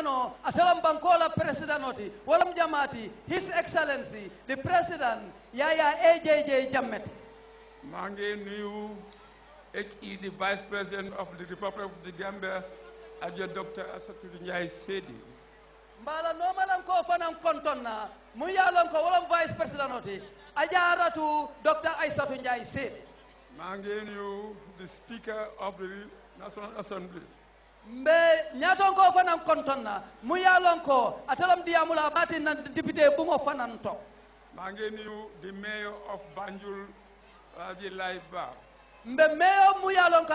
kono atalam bankola president oti walam jamati his excellency the president yaya ajj jammet mangi nuyu he the vice president of the republic of the gambia ajo dr asatu njai sedi mbala nomalan ko fanan kontonna mu yalon ko walam vice president oti ajaratu dr aisatu njai sedi mangi nuyu the speaker of the national assembly mbe ñatonko fanan konton na mu yalon ko atalam diyamula bati nan député bungo fanan to mangi niu the mayor of banjul raji life mu yalon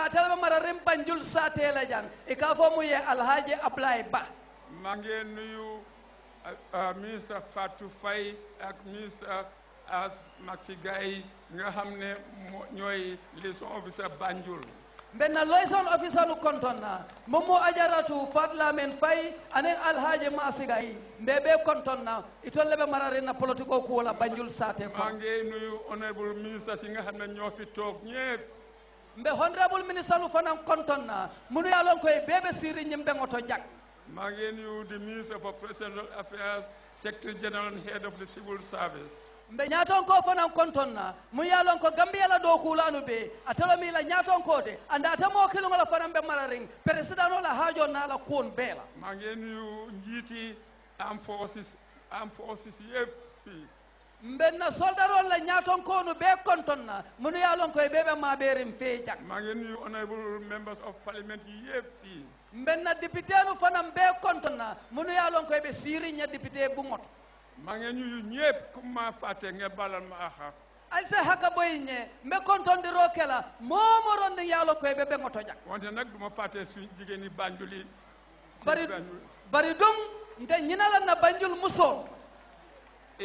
banjul sate la jang e ka fo mu ye alhaji ablay ba mangi niu minister fatou fay ak minister as maxi nga xamne ñoy liaison officer banjul benna loison officer nu kontonna momo ajaratu fadla men fay anen alhaaji masiga yi mbe be kontonna itolle be marare na politiko ko banjul sate ko ngi minister si nga xam ne ñoo fi toog ñépp mbe honorable minister nu fanan kontonna munu yalon koy bebe siri ñimbe ngoto jak maa ngi nuyu the minister for presidential affairs secretary general head of the civil service mbe ñatonko fanan konton na mu yalon ko gambiyala dow kuulanu be a mi la ñatonkote anda tamo kilugol fanan ɓe mala ring président ola haajo naala kuon beela magen yu njiti am forces am forces yeppi mbenna soldarol la ñatonkonu be konton na munu yalon koye ɓeɓe maɓerin fee jak magen yu honorable members of parliament mbe mbenna député nu fanan be konton na munu yalon koye ɓe siriña député ɓuŋoto e maa ngi nuyu ñépp ku ma fàtte nga balal ma axa alisa haka boy ñe mbe kontondi roke la momo ronde yaalo koy be be ngoto nag duma fàtte suñu jigéen yi banjul yi bari bari dum nte ñinala na banjul musoon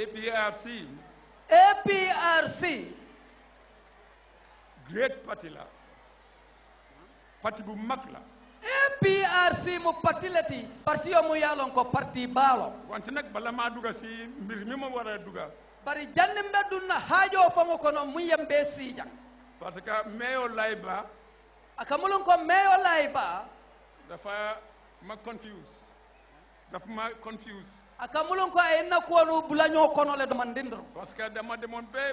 APRC APRC great la parti bu mag la ARC mu parti leti parti yo mu yalon ko parti balo wante nak bala ma duga si mbir mi mo wara duga bari jannim mbaduna dunna haajo fango no mu si sijan parce que meyo layba akamulon ko meyo layba dafa ma confuse dafa ma confuse akamulon ko ay no bulaño kono le dindro parce que dama demone be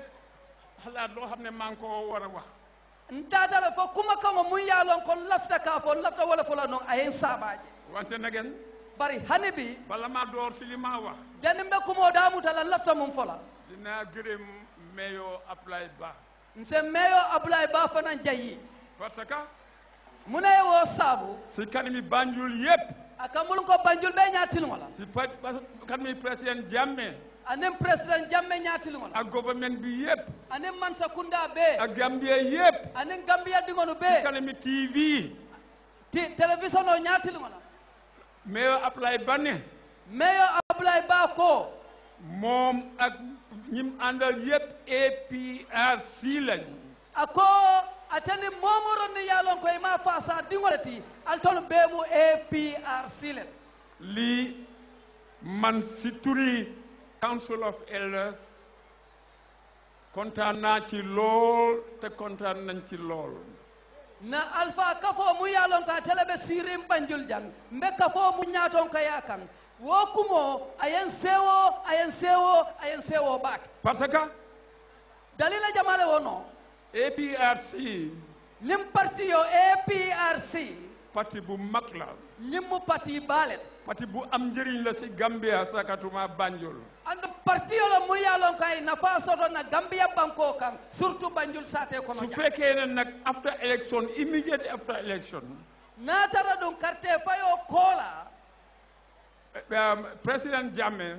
xalaat lo xamne man ko wara wax ntata la fo kuma kama mun ya lon kon lafta ka fo lafta wala fo la non ayen sabaje wante nagen bari hani bi bala ma door si li ma wax jani mbe kumo damu tala lafta mum fo la dina gërëm meyo apply ba nse meyo apply ba fana jayi parce que mu ne wo saabu si kanimi banjul yépp a kamul ko banjul be ñaatin wala si kanimi président jamme anem président jamme ñaatilu ngono ak government bi yépp anem Mansa Kunda bee ak Gambia yépp anem Gambia dingonu bee ti télévision o ñaatilu ngono meyo Ablaye Bane meyo Ablaye Ba ko moom ak ñim àndal yépp APRC lañu ako atani momoronde yaalon koye ma faasa diŋole ti altol beemu APRC le lii man si turi council of elders kontaan naa ci lool te kontaan nañ ci lool na alpha kafo mu yalon ka tele be sirim banjul jan mbe kafo mu nyaton ka yakan wo kumo ayen sewo ayen sewo ayen sewo back parce que dalila jamale wono APRC nim parti yo APRC parti bu mag la ñimmu parti baalet parti bu am njëriñ la si Gambia sakatuma Banjul ando parti yolo mun ya lon kay na Gambia banko kan surtout Banjul saate kono su fekkee ne nag after election immediate after election naatara ɗum carte fayo koola um, président Jammeh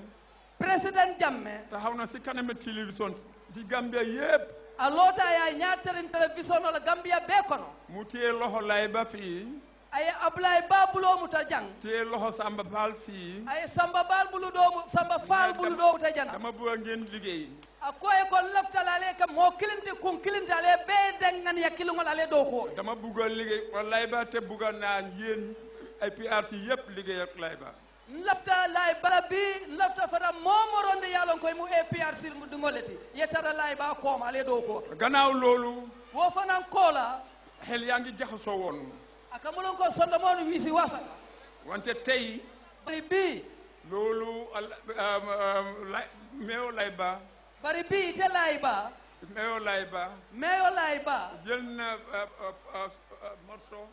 président Jammeh taxaw na si kaname télévision si Gambia yépp a loota ya ñaatarin télévision ola bee kono mu téye loxo lay fii aye Ablaye Ba buloo mu ta te loxo Samba Fall fii aye Samba Baal bulu doomu Samba Fall bulu doomu ta jang dama bëgg ngeen liggéey a koye ko laftalaale kam moo kilinte kun kilinte ale bee dengan ya kilingol ale doo ko dama bëggoon liggéey wallaay ba te bëggoon naa yéen ay PRC liggéey ak lay ba lafta bala bi lafta fata moomoronde yaalon koye mu APRC mu dungoleti yettata lay ba kooma ale doo ko gannaaw loolu wo fanan koola xel yaa ngi jaxasoo woon akamulon ko sondomonu wisi wasa wante tey bari bi loolu meyo layba bari bi ite layba meyo layba meyo layba jël na morceau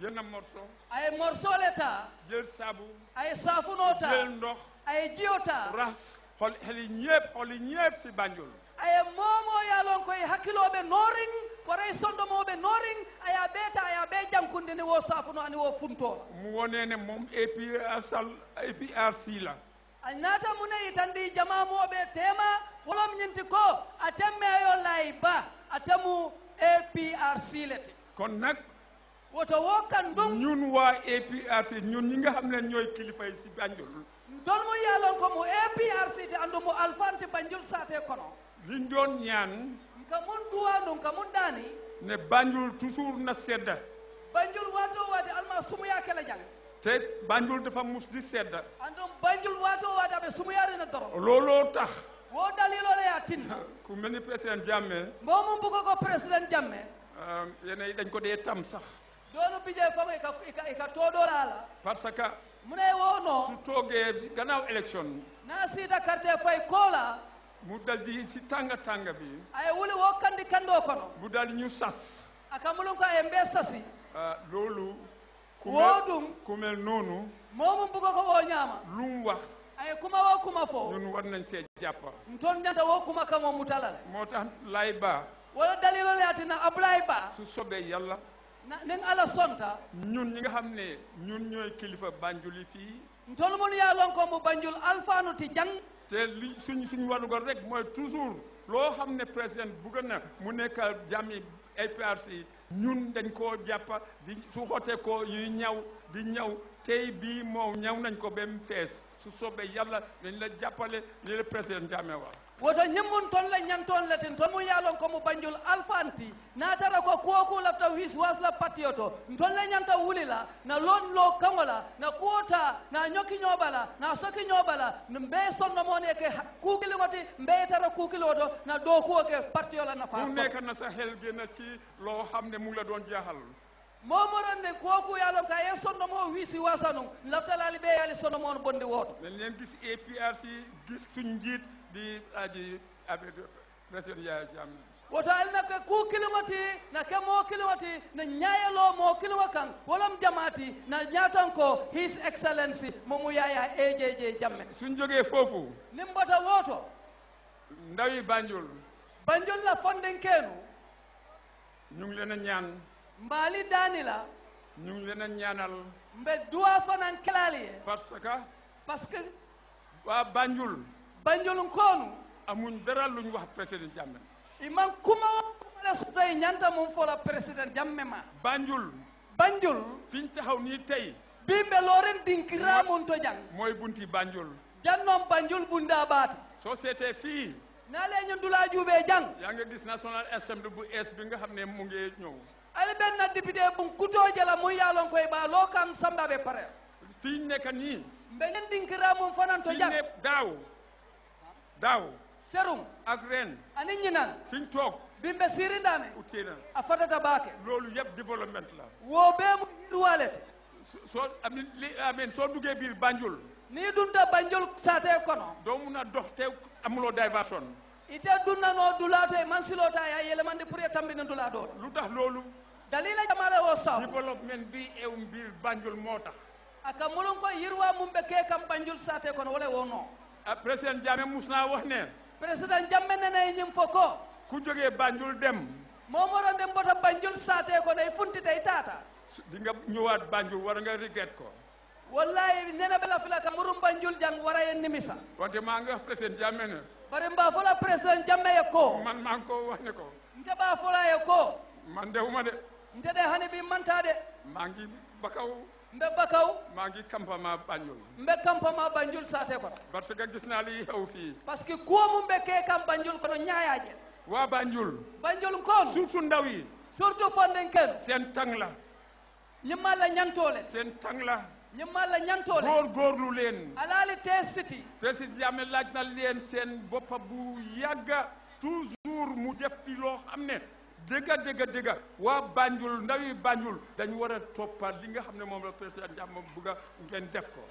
jël na morceau ay morceau le ta jël saabu ay saafunoo ta jël ndox ay jiyo ta ras xol xeli ñépp xoli ñépp si Banjul ay moomoo yaalon koy hakkiloo ɓe nooriŋ waray e sondomoɓe noring aya ɓeeta aya ɓe jankude ni wo safuno ani wo funtola mu wonene mom apsl aprc la a naata muneyi tan ɗi jama moɓe tema wolom ñinti ko a temmeyo lay ba a temu aprc lete kono nak woto wo kan ɗum ñun wa aprc ñun ñi nga xam ne ñooy kilifay si banjol toon mo yaalon ko mo aprc te andu mo alfante banjol saate kono liñ doon mun mun daani ne banjul toujours na sedda banjul wato wato alma sumuyaa kala jang te banjul dafa musdi sedda andum banjul wato waate aɓe sumuyaade na doro looloo tax wo dalilo le yaa tin ku melni president président momu moo ko buggo ko président Jammeh yene dañ ko de tam sax doonu ngay ka ka ka to do la parce que mu wono su toge ganaw toogee na élection da carte fay koola mu daldi si tànga tanga bi aye wuli wo kandi kando kono mu daldi ñu sas akamulun ko embe ah, loolu wo dum ku mel noonu ko woo ñaama lu wax ay kuma woo kuma fo ñun war nañ see jàppa ntoon ñanta woo kuma ka moom mu talal moo tax lay baa wala dalilol yaati na ablaay baa su sobee yàlla na nin sonta ñun ñi nga xam ne ñun ñooy kilifa banjuli fii ntol mun yaa lon mu banjul alfaanu ti te li suñ suñ warugar rek mooy toujours loo xam ne président bugg na mu nekk jàmmi APRC ñun dañ ko jàppa di su xotee ko yuy ñaw di ñaw tey bii moo ñaw nañ ko ba fees su soobee yàlla dañ la jàppale le la président Jammeh wax woto ñimmun ton la ñan ton latin ton mu yaalon ko mu banjul alfanti naatara ko ku lafta wis wasla patio to ton la ñanta wulila na lon lo kamola na kuota na ñoki ñobala na soki ñobala mbe sonnomone ke ngoti mbe tara kuukiloo to na do ke patio la nafa ne kan nasa hel gena ci lo xamne mu la don jaaxal momoran ne kooku yaalon ka ye sondomo wiisi wasanu laftalaali ɓe yaali sondomo on bonde wooto nan leen gis aprc gis suñ di aji président yaya jamme woto alinaka ku kilimati na ke mo kilimati na ñaayelo mo kilima kan wolam jamaati na ñaatan his excellency momu yaya ejj jamme suñ jogee foofu nimbata wooto ndawi banjul banjul la fonden keenu ñu ngi leen a ñaan mbali danila ñu leena a ñaanal mbé duwa fanan kelali ye parce que parce que wa banjul banjul nkoonu amuñ dara luñ wax président jamme iman kuma la soy e ñanta mum fo la président jamme ma banjul banjul fiñ taxaw tay bi bimbe lo ren mun to jang moy bunti banjul jannom banjul bunda abat, soo fi, fi naa leen ñu dulaa jang ya nga gis national assembly bu es bi nga xamné mu ngi ñew ali ben na député bun kutoo jala muy yaalon koy baa loo kan samba be pare fii nekk nii mbe ñen dinkiraa mum fanan to jam daaw daaw serum ak ren ani ñinan fiñ toog bimbe siri ndaame uteena a fatata baake loolu yëpp développement la woo bee mu duwaalete soo amin soo duggee biir Banjul nii dunta Banjul saatee kono doo mun a dox te amuloo diversion ite dunna noo dulaato e man siloo taa yaa yelemandi pour e tambini dulaatoo lu tax loolu dalila jamala wo saw development bi e mbir banjul mota aka mulun ko yirwa mum be ke kam banjul sate kon wala wono a president jame musna wax ne president jamme ne ne ñim foko ku joge banjul dem ron dem bota banjul sate ko day funti day tata di nga ñewat banjul war nga regret ko wallahi nena bela fila kam rum banjul jang wara en nimisa wante ma nga president jamme ne bare mba fola president jamme ko man man ko wax ne ko nga ba fola ko man dewuma de nte de hani bi manta de maa ngi bakaw mbe bakaw maa ngi campement Banjul mbe campement Banjul saate kono parce que gis naa li xew fii parce que kuwo mu mbe Banjul kono ñaayaaje waa Banjul Banjul koon surtout ndaw yi surtout Fondenken seen tang la ñimmaa la ñantoole alaali Tees City Tees City laaj na leen seen boppa bu yàgga toujours mu def fi dëgga dëgga dëgga waa Banjul ndawi Banjul dañu war a toppaat li nga xam ne moom la président Jammeh moom bëgg ngeen def ko